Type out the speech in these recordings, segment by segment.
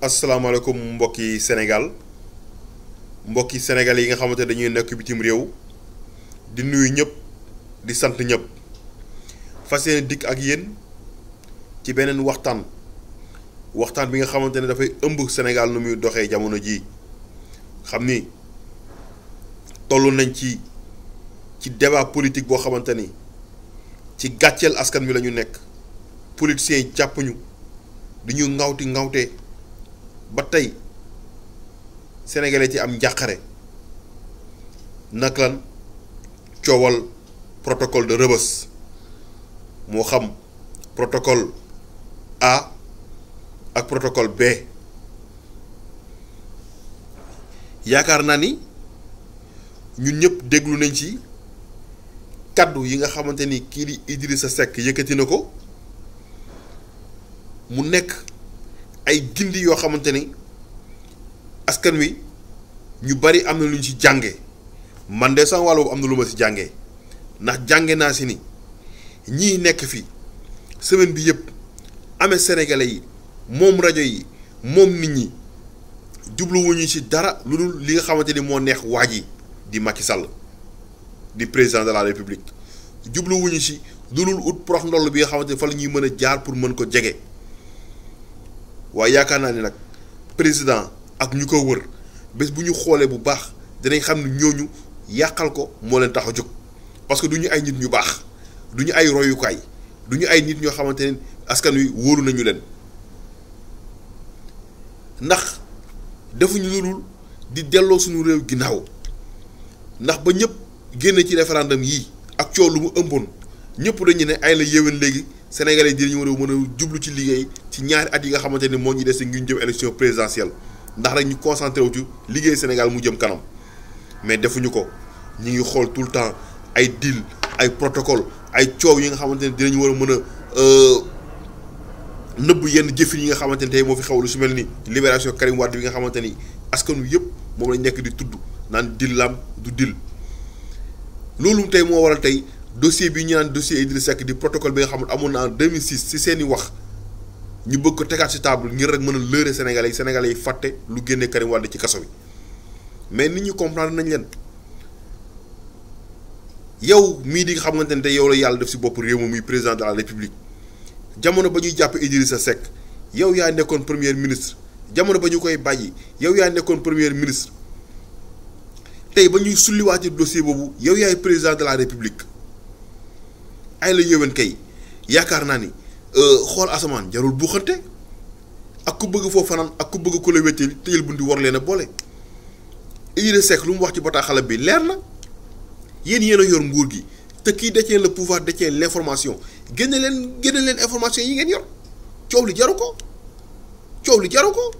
asalaamaaleykum mbokki Sénégal mbokki Sénégal yi nga xamante dañuy nekk bitim réew di nuyu ñëpp di sant ñëpp fas yéene dikk ak yéen ci beneen waxtaan waxtaan bi nga xamante ne dafay ëmb Sénégal nu muy doxee jamono jii xam ni toll nañ ci ci débat politique boo xamante ni ci gàcceel askan wi la ñu nekk politiciens yi jàpp ñu di ñu ŋawti ŋawtee. ba tey sénégalais ci am njàqare nag lan coowal protocole de Rebeuss moo xam protocole A ak protocole B yaakaar naa ni ñun ñëpp déglu nañ ci kàddu yi nga xamante ni kii di Idrissa Seck yëkkati na ko mu nekk. ay gindi yo xamanteni askan wi ñu bari amna luñ jange, ci jange man de sax walu amna na lu ma jàngee ndax jànge naa si ni ñii nekk fi semaine bi yëpp amé sénégalais yi moom rajo yi moom nit ñi wuñu ci dara lu dul li nga xamanteni neex di Macky Sall di président de la république wuñu ci lu dul ut prox bi nga xamanteni fa la ñuy mën a jaar pour mën ko jege waa yaakaar naa ni nag président ak ñu ko wër bés bu ñu xoolee bu baax dinañ xam ne ñooñu yàqal ko moo leen tax a jóg parce que du ñu ay nit ñu baax du ñu ay royukaay du ñu ay nit ñoo xamante ne askan wi wóoru nañu leen ndax defuñu lulul di delloo suñu réew ginnaaw ndax ba ñëpp génne ci référendum yii ak coow lu mu ëmboon ñëpp dañu ne ay la yéwén léegi. sénégalais yi ñu a jublu ci liggéey ci ñaari at yi nga élection présidentielle ndax ñu concentré Sénégal mu jëm kanam mais defuñu ko ñu ngi tout le temps ay deal ay protocole ay coow yi nga xamante ne dinañu war a mën a euh, yenn jëfin yi nga xamante ne tey fi su mel libération Karim Wade bi nga xamante ni askanu yëpp moom lañ di du d'il. loolu tey moo waral dossier bi ñaan dossier Idrissa Seck di protocole bi nga xamul amoon na en 2006 si seen i wax ñu bëgg ko tegaat si table ngir rek mën a Sénégalais yi Sénégalais yi fàtte lu génnee Karim Wade ci kaso bi mais nit ñu comprendre nañ leen yow mii di nga xamante ne yow la yàlla def si bopp réew muy président de la république jamono ba ñuy jàpp Idrissa Seck yow yaa nekkoon premier ministre jamono ba ñu koy bàyyi yow yaa nekkoon premier ministre tey ba ñuy sulliwaati dossier boobu yow yaay président de la république. ay la yéwén kay yaakaar naa ni euh, xool asamaan jarul buuxante ak ku bëgg foofu fanaan ak ku bëgg ku la wétteel tëjal bundi war leen a boole Idrissa Seck lu mu wax ci bataaxalam bi leer na yéen yéen a yor nguur gi te kii détient le pouvoir détient l' information génne leen génne leen information yi ngeen yor coow li jaru ko coow li jaru ko.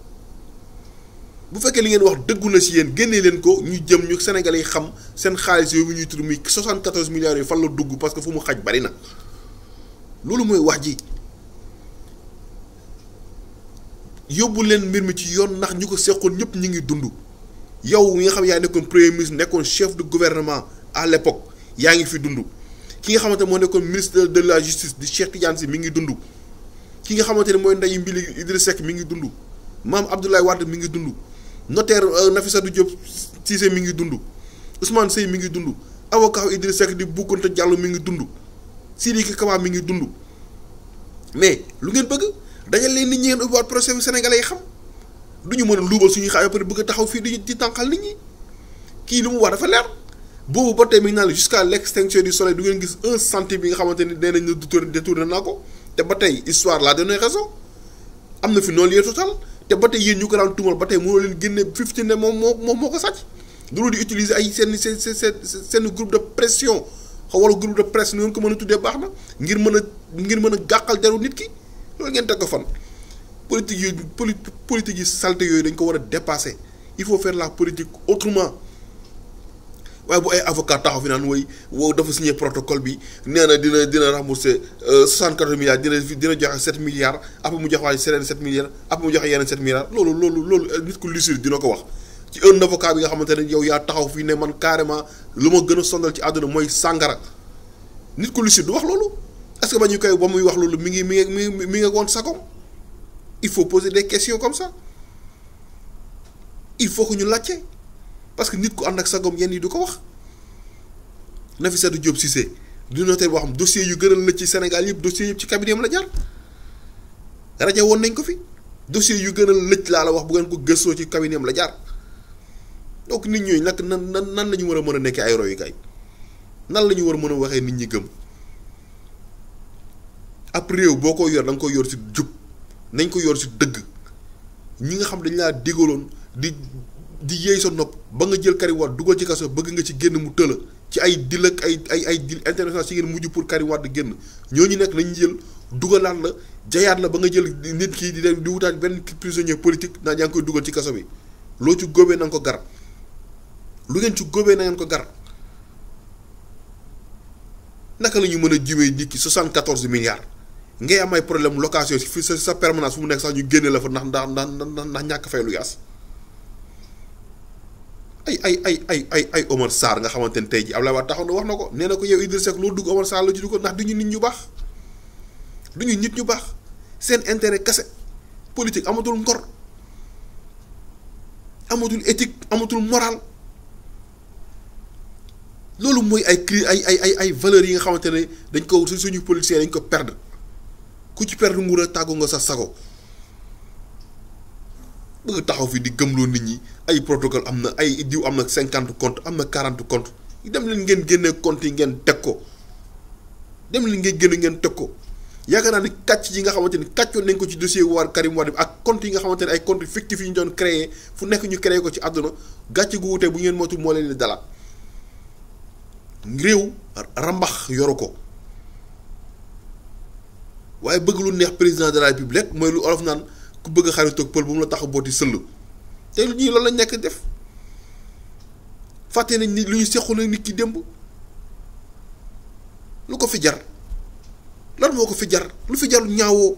bu fekkee li ngeen wax dëggu la si yéen génnee leen ko ñu jëm ñu senegal yi xam seen xaalis yooyu ñuy tudd muy 74 milliards yi fan la dugg parce que fu mu xaj bari loolu mooy wax ji yóbbu leen mbir mi ci yoon ndax ñu ko seqoon ñëpp ñu ngi dund yow mi nga xam yaa nekkoon premier ministre nekkoon chef de gouvernement à l'époque yaa ngi fi dund ki nga xamante moo nekkoon ministre de la justice di Cheikh Tidiane Sy mi ngi dund ki nga xamante ne mooy ndeyu mbili Idrissa Seck mi ngi dund maam Abdoulaye Wade mi ngi dund. notaire euh, Nafissatou Diop Cissé mi ngi dund Ousmane Seye mi ngi dund avocat Idrissa Seck di Boukounta jàll mi ngi dundu dund Sidiki Kaba mi ngi dund mais lu ngeen bëgg dañu leen nit ñi ngeen ubbiwaat procès bi sénégalais yi xam du ñu mën a luubal suñuy xaay ba pare bëgg taxaw fii di di tànqal nit ñi kii lu mu wax dafa leer boobu ba tey mi ngi naan jusqu'à l'extinction du soleil du ngeen gis un centime bi nga xamante ni nee nañ la détourné naa ko te ba tey histoire laa donné am na fi non lieu total. te ba tey yéen ñu ko daan tumal ba tey leen ne moom moo moom moo ko di utiliser ay seen groupe de pression xawal groupe de presse ni ko mën a tuddee ngir mën a ngir mën a gàqal deru nit ki loolu politique yooyu politique yi salté dañ ko dépasser il faut faire la politique autrement waaye bu ay avocat taxaw fi naan woy wow dafa signé protocole bi nee na dina dina remboursé 64 euh, milliards dina dina joxe 7 milliards après mu jox waaye sereen 7 milliards après mu joxe yeneen 7 milliards loolu loolu loolu euh, nit ku lucide dina ko wax ci un avocat bi nga xamante ne yow yaa taxaw fi ne man carrément lu ma gën a sondal ci àdduna mooy sàngara nit ku lucide du wax loolu est-ce que ba ñu koy ba muy wax loolu mi ngi mi ngi mi ngi woon sa il faut poser des questions comme ça il faut que ñu laajte parce que nit ku ànd ak sagom yenn yi du ko wax Nafissatou job Cissé du notaire boo xam dossier yu gënal na ci Sénégal yëpp dossier yëpp ci cabinet am la jaar radio won nañ ko fi dossier yu gënal lecc la la wax bu gën ko gëssoo ci cabinet la jaar donc nit ñooñu nak nan nan nan la ñu war a mën a nekkee ay royukaay nan la ñu war mën a waxee nit ñi gëm ab réew boo ko yor da ko yor si jub nañ ko yor si dëgg ñi nga xam dañ laa digaloon di di yéey sa ba nga jël kari Wade duggal ci kaso bëgg nga ci génn mu tëla ci ay dil ak ay ay ay dil international si ngeen mujj pour Karim Wade génn ñooñu nekk lañu jël dugalaat la jayaat la ba nga jël nit ki di dem di wutaat benn prisonnier politique naan yaa ngi koy dugal ci kaso bi loo ci góobee na ko gar lu ngeen ci góobee na ngeen ko gar naka la ñu mën a nit ki 74 milliards ngay am ay problème location fi sa permanence fu mu nekk sax ñu génne la fa ndax ndax ndax ndax ñàkk fay lu yaas ay ay ay ay ay ay Omar Sarr nga xamante ne tey jii Abdoulaye Wade taxaw na wax na ko nee na ko yow Idrissa Seck loo dugg Omar Sarr la ci dugg ndax du ñu nit ñu baax du ñu nit ñu baax seen intérêt kese politique amatul ngor amatul éthique amatul moral loolu mooy ay cri ay ay ay ay valeurs yi nga xamante ne dañ ko suñu politiciens dañ ko perdre ku ci perdre nguur a tàggu nga sa sago. bëgg taxaw fi di gëmlo nit ñi ay protocole am na ay diw am na cinquante compte am na quarante compte dem leen ngeen génnee compte yi ngeen teg ko dem leen ngeen génne ngeen teg ko yaakaar naa ni kàcc yi nga xamante ni kàccoon nañ ko ci dossier war Karim Wade ak compte yi nga xamante ne ay compte fictif yi ñu doon créé fu nekk ñu créé ko ci àdduna gàcce gu wutee bu ngeen moytu moo leen di dalaat réew rambax yoru ko waaye bëgg lu neex président de la république mooy lu olof naan ku bëgg xaritoog pël bu mu la tax a booti sëll te ñii loolu lañ nekk def fàtte nañ ni lu ñu seqoon nit ki démb lu ko fi jar lan moo ko fi jar lu fi jar ñaawoo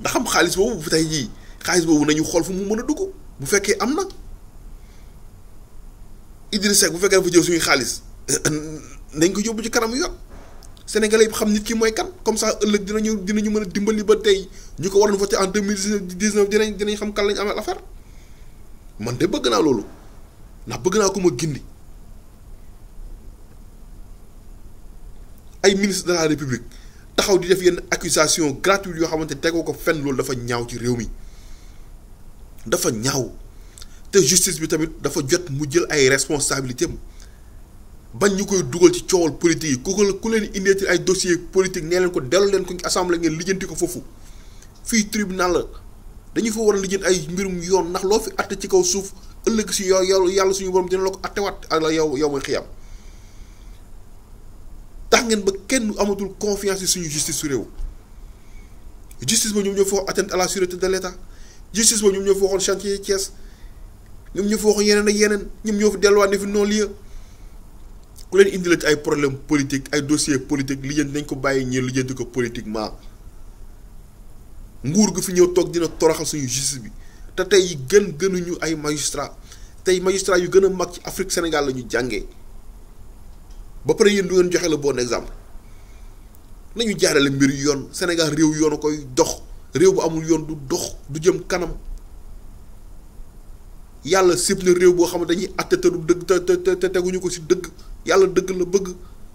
ndax xaalis boobu bu tey jii xaalis boobu nañu xool fu mu mën a dugg bu fekkee am na Idrissa Seck bu fekkee dafa jëw suñuy xaalis nañ ko yóbbu ci kanam yoon. sénégalais yëpp xam nit ki mooy kan comme sax ëllëg dinañu dinañu mën a dimbali ba tey ñu ko waroon voté en deux mille dix neuf dinañ dinañ xam kan lañ amal affaire man de bëgg naa loolu ndax bëgg naa ko ma gindi ay ministre de la république taxaw di def yenn accusation gratuite yoo xamante tegoo ko fenn loolu dafa ñaaw ci réew mi dafa ñaaw te justice bi tamit dafa jot mu jël ay responsabilité am bañ ñu koy dugal ci coowal politique yi ku ko ku leen indeeti ay dossier politique nee leen ko dellu leen ko assemblée ngeen lijjanti ko foofu fii tribunal la dañu fa war a lijjanti ay mbirum yoon ndax loo fi atte ci kaw suuf ëllëg si yow yow yàlla suñu borom dina la ko attewaat ak la yow yow mooy xiyam tax ngeen ba kenn amatul confiance suñu justice su réew justice ba ñoom ñoo fa wax atteinte à la sûreté de l'État justice ba ñoom ñoo fa waxoon chantier ñoom ñoo fa waxoon ak yeneen ñoom ñoo fa delluwaat ne fi non lieu ku leen indilati ay problème politique ay dossier politique lijjanti nañ ko bàyyi ñee lijjanti ko politiquement nguur gu fi ñëw toog dina toroxal suñu justice bi te tey yi gën gënuñu ay magistrat tey magistrat yu gën a mag ci afrique sénégal lañu ñu jàngee ba pare yéen du ngeen joxe le bon exemple nañu jaarale mbir yoon sénégal réew yoon koy dox réew bu amul yoon du dox du jëm kanam yàlla sib na réew boo xam ne dañuy atte te du dëgg te te te teguñu ko si dëgg yàlla dëgg la bëgg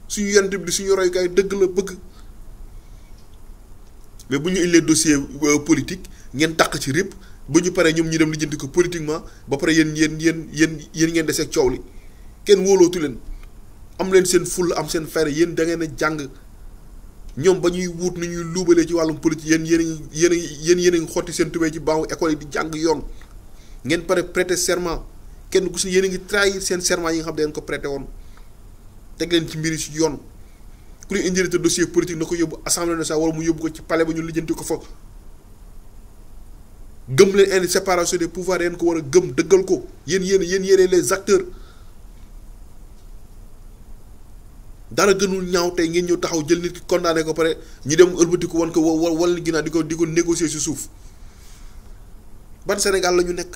suñu yent bi suñu roykaay dëgg la bëgg mais bu ñu indee dossier euh, politique ngeen taq ci rip bu ñu paree ñoom ñu dem lijjanti ko politiquement ba pare yéen yéen yéen yéen yéen ngeen desee coow li kenn wóolootu leen am leen seen fulla am seen fayda yéen da ngeen a jàng ñoom ba ñuy wut nu ñuy luubalee ci wàllum politique yéen yéen a yéen yéen yéen xotti seen tubéy ci baawu école yi di jàng yoon ngeen pare prêter serment kenn ku si yéen a ngi trahir seen serment yi nga xam ne dañ ko prêter woon. teg leen ci mbir yi yoon ku leen indi dossier politique na ko yóbbu assemblée nationale wala mu yóbbu ko ci pale ba ñu lijjanti ko fa gëm leen indi séparation des pouvoirs yéen ko war a gëm dëggal ko yéen yéen yéen yéen les acteurs dara gënul ñaaw tey ngeen ñëw taxaw jël nit ki condamné ko pare ñu dem ëlbatiku wan ko wal wal ginnaaw di ko di ko négocier ci suuf ban Sénégal la ñu nekk.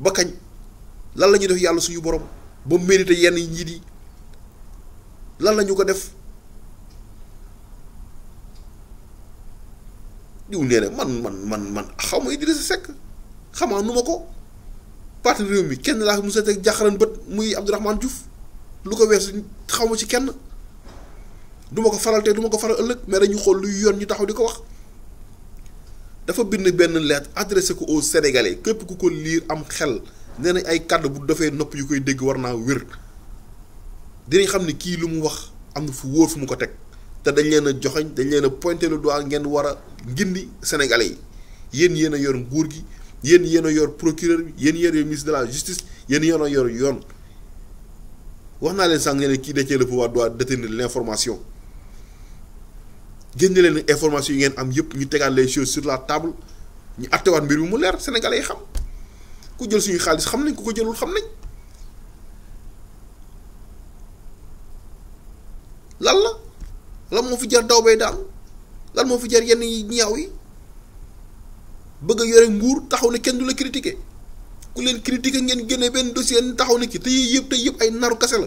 bakkañ kañ lan la ñuy def yàlla suñu borom ba mérité yenn njiit yi lan la ñu ko def diw nee na man man man man xaw ma Idrissa Seck xamaa nu ma ko parti réew mi kenn laa mu seet jàqaran bët muy Abdourahmane Diouf lu ko weesu xaw ma ci kenn du ma ko faral tey du ko faral ëllëg mais dañu xool luy yoon ñu taxaw di ko wax dafa bind benn lettre adressé ko au sénégalais képp ku ko lire am xel nee na ay kàddu bu dofee nopp yu koy dégg war naa wér dinañ xam ne kii lu mu wax am na fu wóor fu mu ko teg te dañ leen a joxoñ dañ leen a pointé le doigt ngeen war a ngindi sénégalais yi yéen yéen a yor nguur gi yéen yéen a yor procureur bi yéen yéen a ministre de la justice yéen yéen a yor yoon wax naa leen sànq ne kii détient le pouvoir doit détenir l' information. génne leen information yi ngeen am yépp ñu tegaat les choses sur la table ñu attewaat mbir mi mu leer sénégalais yi xam ku jël suñu xaalis xam nañ ku ko jëlul xam nañ lan la lan moo fi jar daw bay daal lan moo fi jar yenn yi ñaaw yi bëgg a yore nguur taxaw ne kenn du la critiquer ku leen critiquer ngeen génne benn dossier taxaw ne ci te yëpp te yëpp ay naru kase la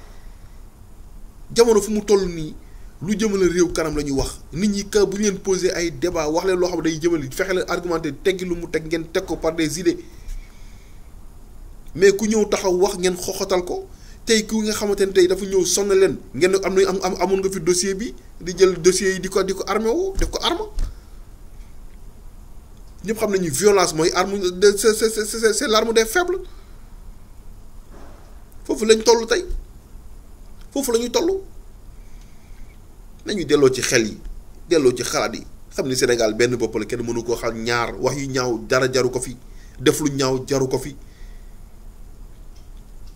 jamono fu mu toll nii lu jëmale réew kanam la ñuy wax nit ñi ka bu ñu leen posé ay débat wax leen loo xam ne day jëmale fexe leen argumenté teggi lu mu teg ngeen teg ko par des idées mais ku ñëw taxaw wax ngeen xoxatal ko tey ku nga xamante ne tey dafa ñëw sonn leen ngeen am nañ am amoon nga fi dossier bi di jël dossier yi di ko di ko armé wu def ko arme ñëpp xam nañu violence mooy arme de c'est c'est c'est mu des faibles foofu lañ toll tey. fofu lañuy tollu nañu delo ci xel yi delo ci xalaat yi xamni senegal Sénégal benn bopp la kenn mënu ko xal ñaar wax yu ñaaw dara jaru ko fi def lu ñaaw jaru ko fi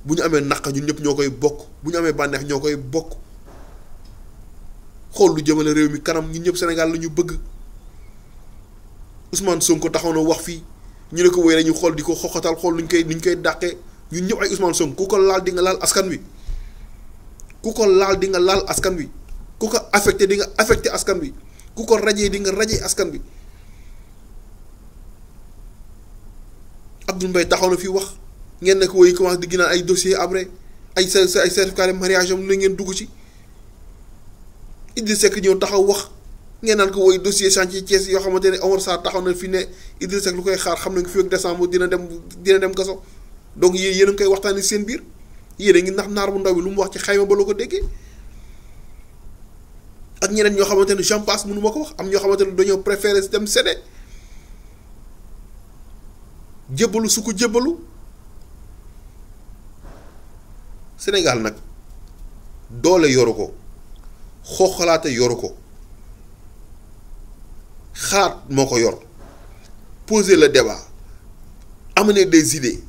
bu ñu amee naq ñun ñëpp ñoo koy bokk bu ñu amee bànneex ñoo koy bokk xool lu jëmale réew mi kanam ñun ñëpp Sénégal la bëgg Ousmane Sonko taxaw wax fi ñu ne ko wéy la ñu xool di ko xoxatal xool nuñ koy nuñ koy dàqee ñun ñëpp ay Ousmane Sonko ku ko laal di nga laal askan wi ku ko laal di nga laal askan wi ku ko affecté di nga affecté askan wi ku ko di nga rajé askan wi abdul mbay taxaw na fi wax ngeen nak ko woy commencé di ginaan ay dossier après ay sa ay certificat de mariage am na ngeen dugg ci idriss ak ñeu taxaw wax ngeen naan ko woy dossier chantier thiès yo xamanteni omar sa taxaw na fi ne idriss ak lu koy xaar xam nañ fi ak décembre dina dem dina dem kaso donc yeen yéen ngi koy waxtani seen bir yéen ngi ndax naar bu ndaw bi lu mu wax ci xayma ba la ko déggee ak ñeneen ñoo xamante ne j'en passe mënu ma ko wax am ñoo xamante ne dañoo préféré dem séddee jébbalu su ko jébbalu Sénégal nag doole yoru ko xooxalaate yoru ko xaat moo ko yor poser le débat amener des idées.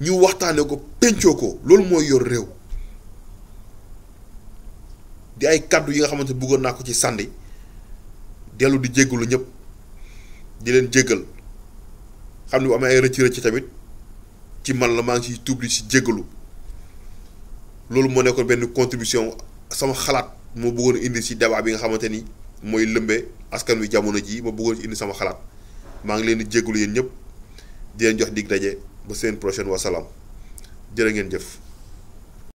ñu waxtaane ko pencoo ko loolu mooy yor réew di ay kaddu yi nga xamante bëggoon naa ko ci sànni dellu di jéggalu ñëpp di leen jéggal xam ne bu amee ay rëcc rëcc tamit ci man la maa ngi ciy tubli si jéggalu loolu moo nekkoon benn contribution sama xalaat moo bëggoon indi si débat bi nga xamante ni mooy lëmbe askan wi jamono ji ma bëggoon ci indi sama xalaat maa ngi leen di jéggalu yéen ñëpp di leen jox dig daje ba seen prochaine wasalaam jërë ngeen jëf